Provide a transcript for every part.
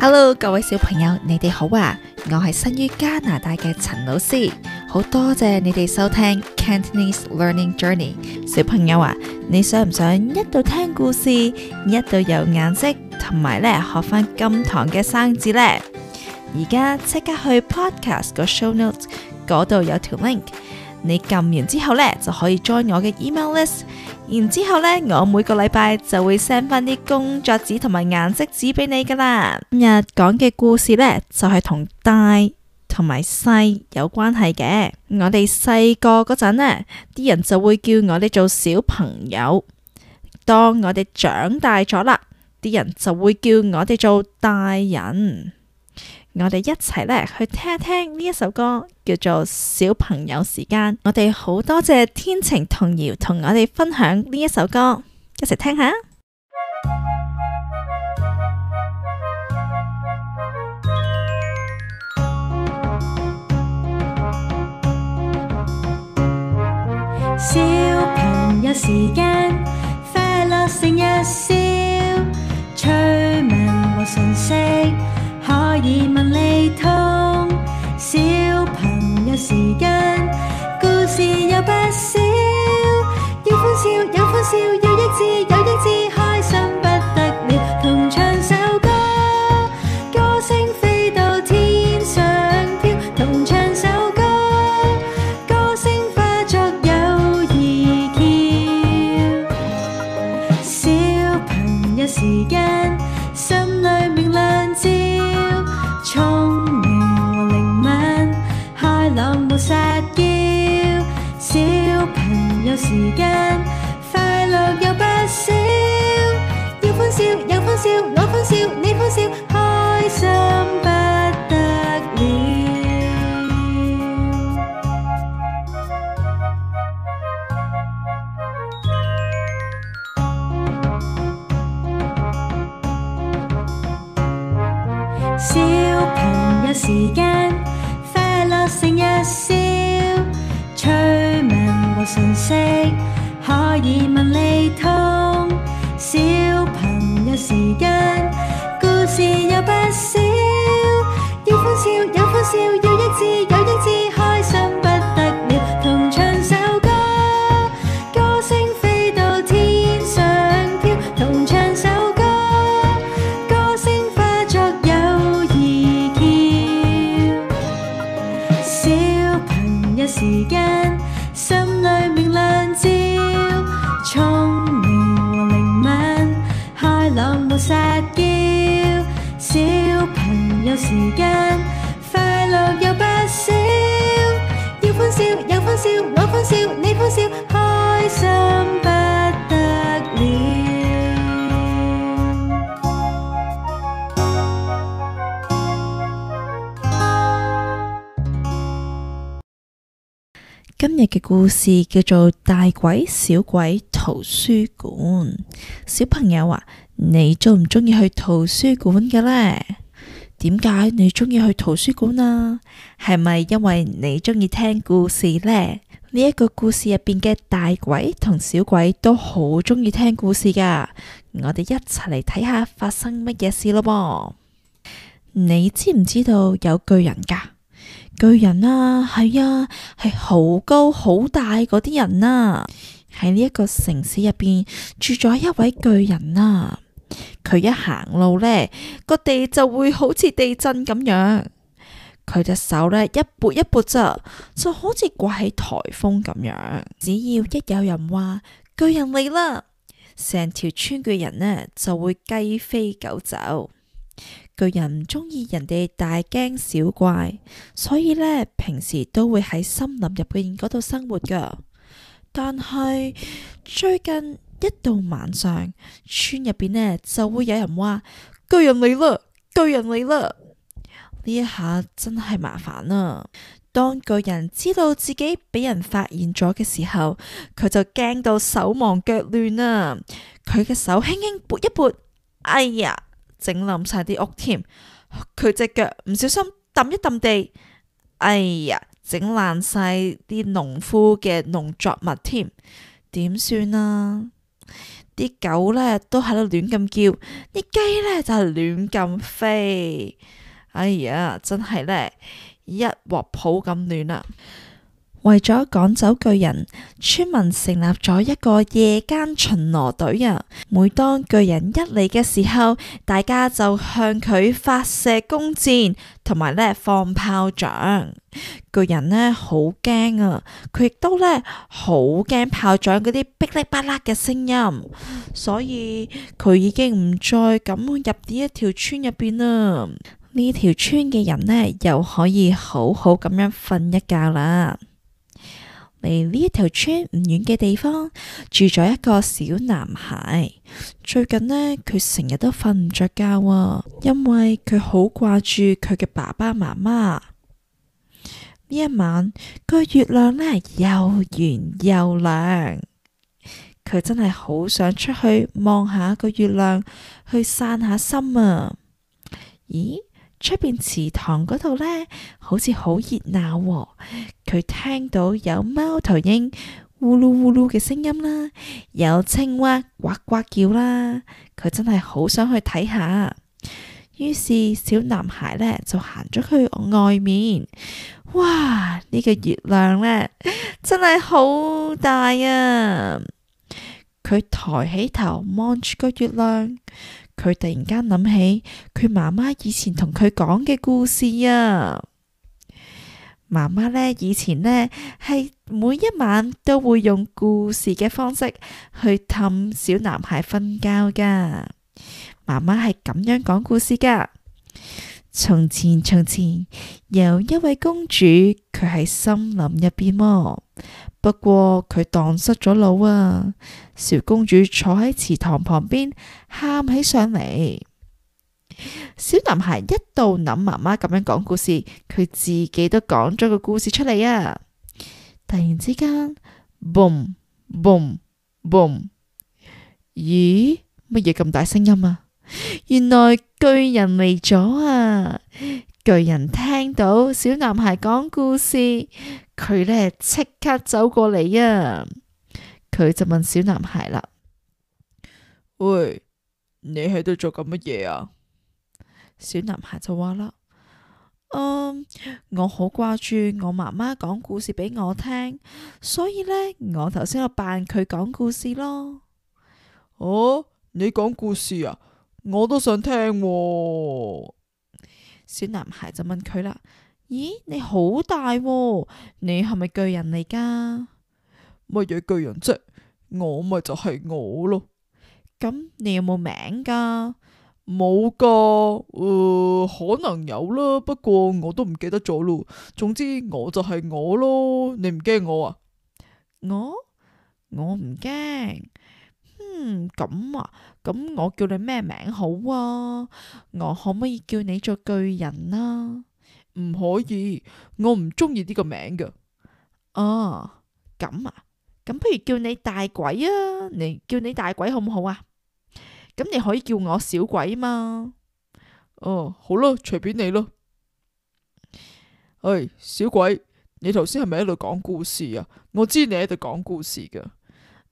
Hello，各位小朋友，你哋好啊！我係生於加拿大嘅陳老師，好多謝你哋收聽 Cantonese Learning Journey。小朋友啊，你想唔想一度聽故事，一度有顏色，同埋咧學翻咁堂嘅生字呢？而家即刻去 Podcast 個 Show Notes 嗰度有條 link，你撳完之後咧就可以 join 我嘅 email list。然之後呢，我每個禮拜就會 send 翻啲工作紙同埋顏色紙俾你噶啦。今日講嘅故事呢，就係同大同埋細有關係嘅。我哋細個嗰陣呢，啲人就會叫我哋做小朋友；當我哋長大咗啦，啲人就會叫我哋做大人。我哋一齊，呢去聽一聽呢一首歌，叫做《小朋友時間》。我哋好多謝天晴童謠同我哋分享呢一首歌，一齊聽下。小朋友時間，快樂成日笑，吹吻和唇色。疑問釐通，小朋友時間，故事有不少，要歡笑。時間。今日嘅故事叫做《大鬼小鬼圖書館》。小朋友啊，你中唔中意去圖書館嘅呢？點解你中意去圖書館啊？係咪因為你中意聽故事呢？呢、這、一個故事入邊嘅大鬼同小鬼都好中意聽故事噶。我哋一齊嚟睇下發生乜嘢事咯噃。你知唔知道有巨人噶？巨人啊，係啊，係好高好大嗰啲人啊。喺呢一個城市入邊住咗一位巨人啊。佢一行路呢，個地就會好似地震咁樣。佢隻手呢，一撥一撥咋，就好似颳起台風咁樣。只要一有人話巨人嚟啦，成條村嘅人呢就會雞飛狗走。巨人唔中意人哋大驚小怪，所以呢，平時都會喺森林入邊嗰度生活噶。但係最近一到晚上，村入邊呢就會有人話巨人嚟啦，巨人嚟啦！呢一下真係麻煩啦、啊。當巨人知道自己俾人發現咗嘅時候，佢就驚到手忙腳亂啦！佢嘅手輕輕撥一撥，哎呀！整冧晒啲屋添，佢隻腳唔小心揼一揼地，哎呀，整爛晒啲農夫嘅農作物添，點算啊？啲狗呢都喺度亂咁叫，啲雞呢就係亂咁飛，哎呀，真係呢，一鑊泡咁亂啦～為咗趕走巨人，村民成立咗一個夜間巡邏隊啊。每當巨人一嚟嘅時候，大家就向佢發射弓箭，同埋呢放炮仗。巨人呢好驚啊，佢亦都呢好驚炮仗嗰啲噼里啪啦嘅聲音，所以佢已經唔再敢入呢一條村入邊啦。呢條村嘅人呢，又可以好好咁樣瞓一覺啦。離呢一條村唔遠嘅地方，住咗一個小男孩。最近呢，佢成日都瞓唔着覺啊，因為佢好掛住佢嘅爸爸媽媽。呢一晚，個月亮呢又圓又亮，佢真係好想出去望下個月亮，去散下心啊！咦？出邊池塘嗰度呢，好似好熱鬧。佢聽到有貓頭鷹呼嚕呼嚕嘅聲音啦，有青蛙呱呱叫啦。佢真係好想去睇下。於是小男孩呢，就行咗去外面。哇！呢個月亮呢，真係好大啊！佢抬起頭望住個月亮，佢突然間諗起佢媽媽以前同佢講嘅故事啊。媽媽呢，以前呢係每一晚都會用故事嘅方式去氹小男孩瞓覺噶。媽媽係咁樣講故事噶。從前，從前有一位公主，佢喺森林入邊麼？不過佢蕩失咗腦啊！小公主坐喺池塘旁邊，喊起上嚟。小男孩一度諗媽媽咁樣講故事，佢自己都講咗個故事出嚟啊！突然之間，boom boom boom，咦，乜嘢咁大聲音啊？原來巨人嚟咗啊！巨人聽到小男孩講故事，佢呢即刻走過嚟啊！佢就問小男孩啦：喂，你喺度做緊乜嘢啊？小男孩就話啦：嗯，我好掛住我媽媽講故事俾我聽，所以呢，我頭先就扮佢講故事咯。哦，你講故事啊？我都想聽喎。小男孩就問佢啦：咦，你好大喎，你係咪巨人嚟噶？乜嘢巨人啫？我咪就係我咯，咁、嗯、你有冇名噶？冇噶，誒、呃，可能有啦，不過我都唔記得咗咯。總之我就係我咯，你唔驚我啊？我我唔驚，嗯，咁啊，咁我叫你咩名好啊？我可唔可以叫你做巨人啊？唔可以，我唔中意呢個名噶。啊，咁啊。咁不如叫你大鬼啊？你叫你大鬼好唔好啊？咁你可以叫我小鬼嘛？哦，好咯，隨便你咯。喂，小鬼，你頭先係咪喺度講故事啊？我知你喺度講故事噶。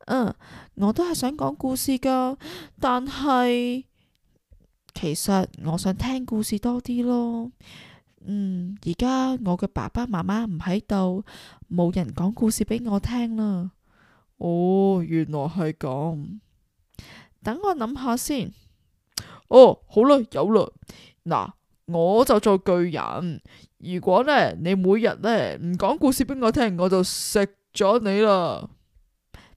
嗯，我都係想講故事噶，但係其實我想聽故事多啲咯。嗯，而家我嘅爸爸媽媽唔喺度，冇人講故事俾我聽啦。哦，原來係咁。等我諗下先。哦，好啦，有啦。嗱，我就做巨人。如果呢，你每日呢唔講故事俾我聽，我就食咗你啦。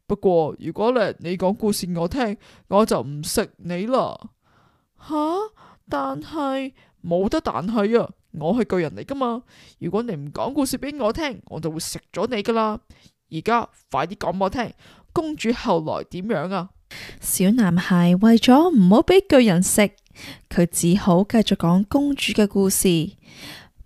不過如果呢，你講故事我聽，我就唔食你啦。吓？但係冇得但係啊！我係巨人嚟噶嘛。如果你唔講故事俾我聽，我就會食咗你噶啦。而家快啲講我聽，公主後來點樣啊？小男孩為咗唔好俾巨人食，佢只好繼續講公主嘅故事。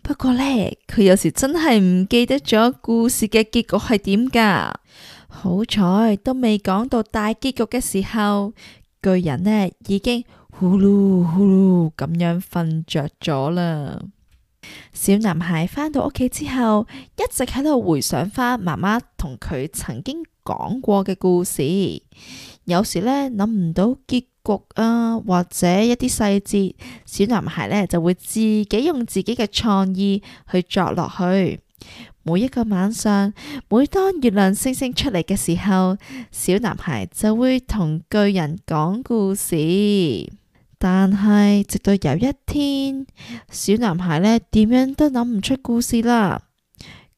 不過呢，佢有時真係唔記得咗故事嘅結局係點噶。好彩都未講到大結局嘅時候，巨人呢已經呼嚕呼嚕咁樣瞓着咗啦。小男孩返到屋企之後，一直喺度回想返媽媽同佢曾經講過嘅故事。有時呢，諗唔到結局啊，或者一啲細節，小男孩呢就會自己用自己嘅創意去作落去。每一個晚上，每當月亮星星出嚟嘅時候，小男孩就會同巨人講故事。但係，直到有一天，小男孩呢點樣都諗唔出故事啦。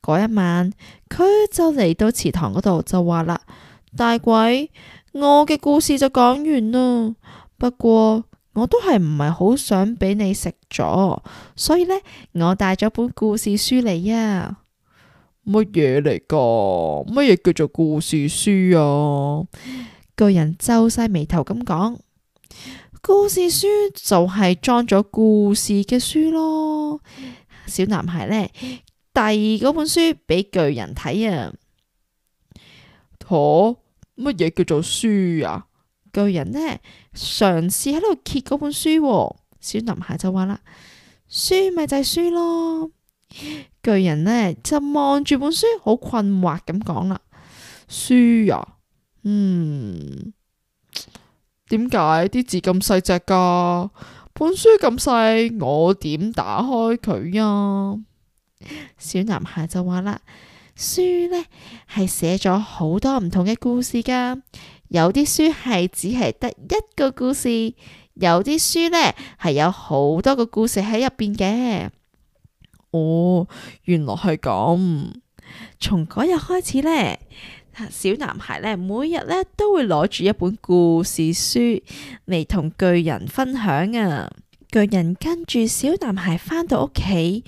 嗰一晚，佢就嚟到祠堂嗰度就話啦： 大鬼，我嘅故事就講完啦。不過我都係唔係好想俾你食咗，所以呢，我帶咗本故事書嚟呀。啊，乜嘢嚟噶？乜嘢叫做故事書啊？巨人皺晒眉頭咁講。故事書就係裝咗故事嘅書咯，小男孩呢，第二本書俾巨人睇啊，妥、啊，乜嘢叫做書啊？巨人呢，嘗試喺度揭嗰本書、啊，小男孩就話啦：書咪就係書咯。巨人呢，就望住本書，好困惑咁講啦：書呀、啊，嗯。點解啲字咁細隻噶？本書咁細，我點打開佢呀？小男孩就話啦：書呢係寫咗好多唔同嘅故事噶，有啲書係只係得一個故事，有啲書呢係有好多個故事喺入邊嘅。哦，原來係咁。從嗰日開始呢。小男孩呢，每日呢都會攞住一本故事書嚟同巨人分享啊！巨人跟住小男孩返到屋企，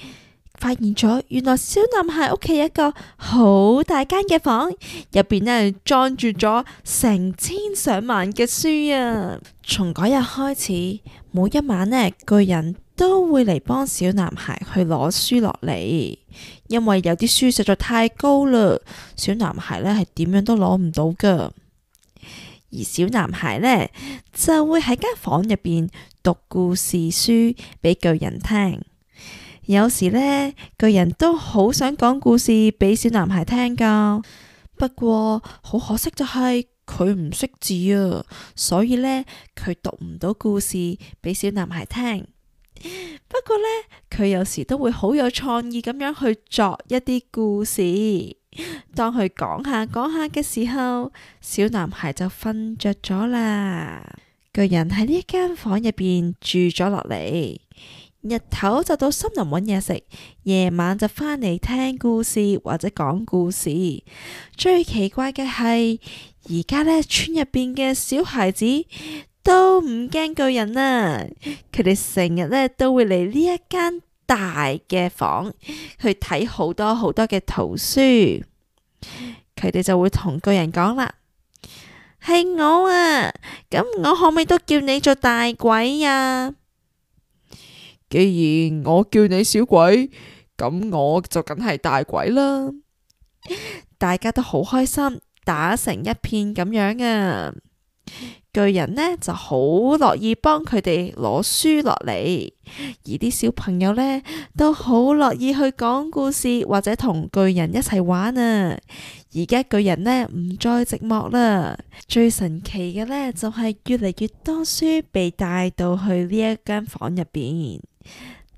發現咗原來小男孩屋企一個好大間嘅房，入邊呢裝住咗成千上萬嘅書啊！從嗰日開始，每一晚呢巨人都會嚟幫小男孩去攞書落嚟。因為有啲書實在太高嘞，小男孩呢係點樣都攞唔到噶而小男孩呢，就會喺間房入邊讀故事書俾巨人聽。有時呢，巨人都好想講故事俾小男孩聽噶，不過好可惜就係佢唔識字啊，所以呢，佢讀唔到故事俾小男孩聽。不過呢，佢有時都會好有創意咁樣去作一啲故事。當佢講下講下嘅時候，小男孩就瞓着咗啦。巨人喺呢一間房入邊住咗落嚟，日頭就到森林搵嘢食，夜晚就返嚟聽故事或者講故事。最奇怪嘅係，而家呢村入邊嘅小孩子。都唔驚巨人啊！佢哋成日呢都會嚟呢一間大嘅房去睇好多好多嘅圖書。佢哋就會同巨人講啦：係我啊，咁我可唔可以都叫你做大鬼啊？既然我叫你小鬼，咁我就梗係大鬼啦！大家都好開心，打成一片咁樣啊！巨人呢就好樂意幫佢哋攞書落嚟，而啲小朋友呢都好樂意去講故事或者同巨人一齊玩啊！而家巨人呢唔再寂寞啦，最神奇嘅呢就係越嚟越多書被帶到去呢一間房入邊，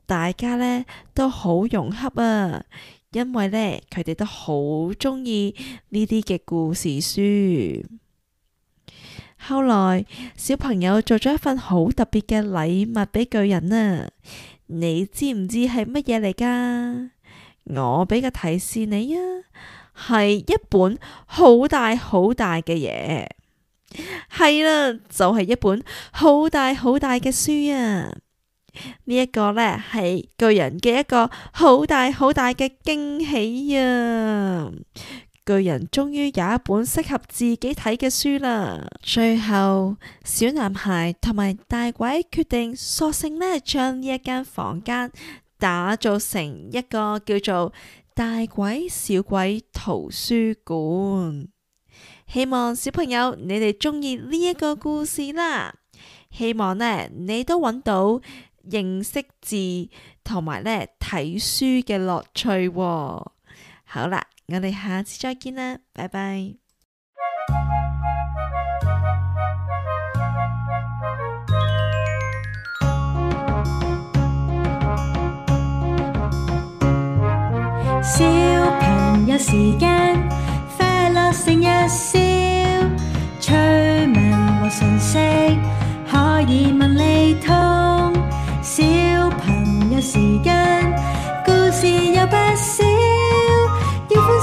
大家呢都好融洽啊，因為呢佢哋都好中意呢啲嘅故事書。後來小朋友做咗一份好特別嘅禮物俾巨人啊！你知唔知係乜嘢嚟噶？我俾個提示你啊，係一本好大好大嘅嘢。係啦，就係一本好大好大嘅書啊！呢一個呢，係巨人嘅一個好大好大嘅驚喜啊！巨人終於有一本適合自己睇嘅書啦。最後，小男孩同埋大鬼決定索性呢，將呢一間房間打造成一個叫做大鬼小鬼圖書館。希望小朋友你哋中意呢一個故事啦。希望呢你都揾到認識字同埋呢睇書嘅樂趣喎。好啦。我哋下次再見啦，拜拜 小。小朋友時間，快樂成日笑，趣聞和訊息可以問你通。小朋友時間，故事有不少。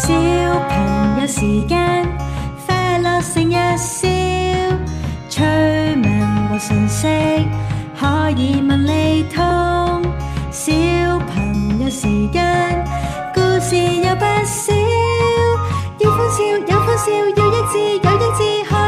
小朋友時間，快樂成日笑，趣聞和訊息，可以問利通。小朋友時間，故事有不少，要歡笑有歡笑，要益智有益智。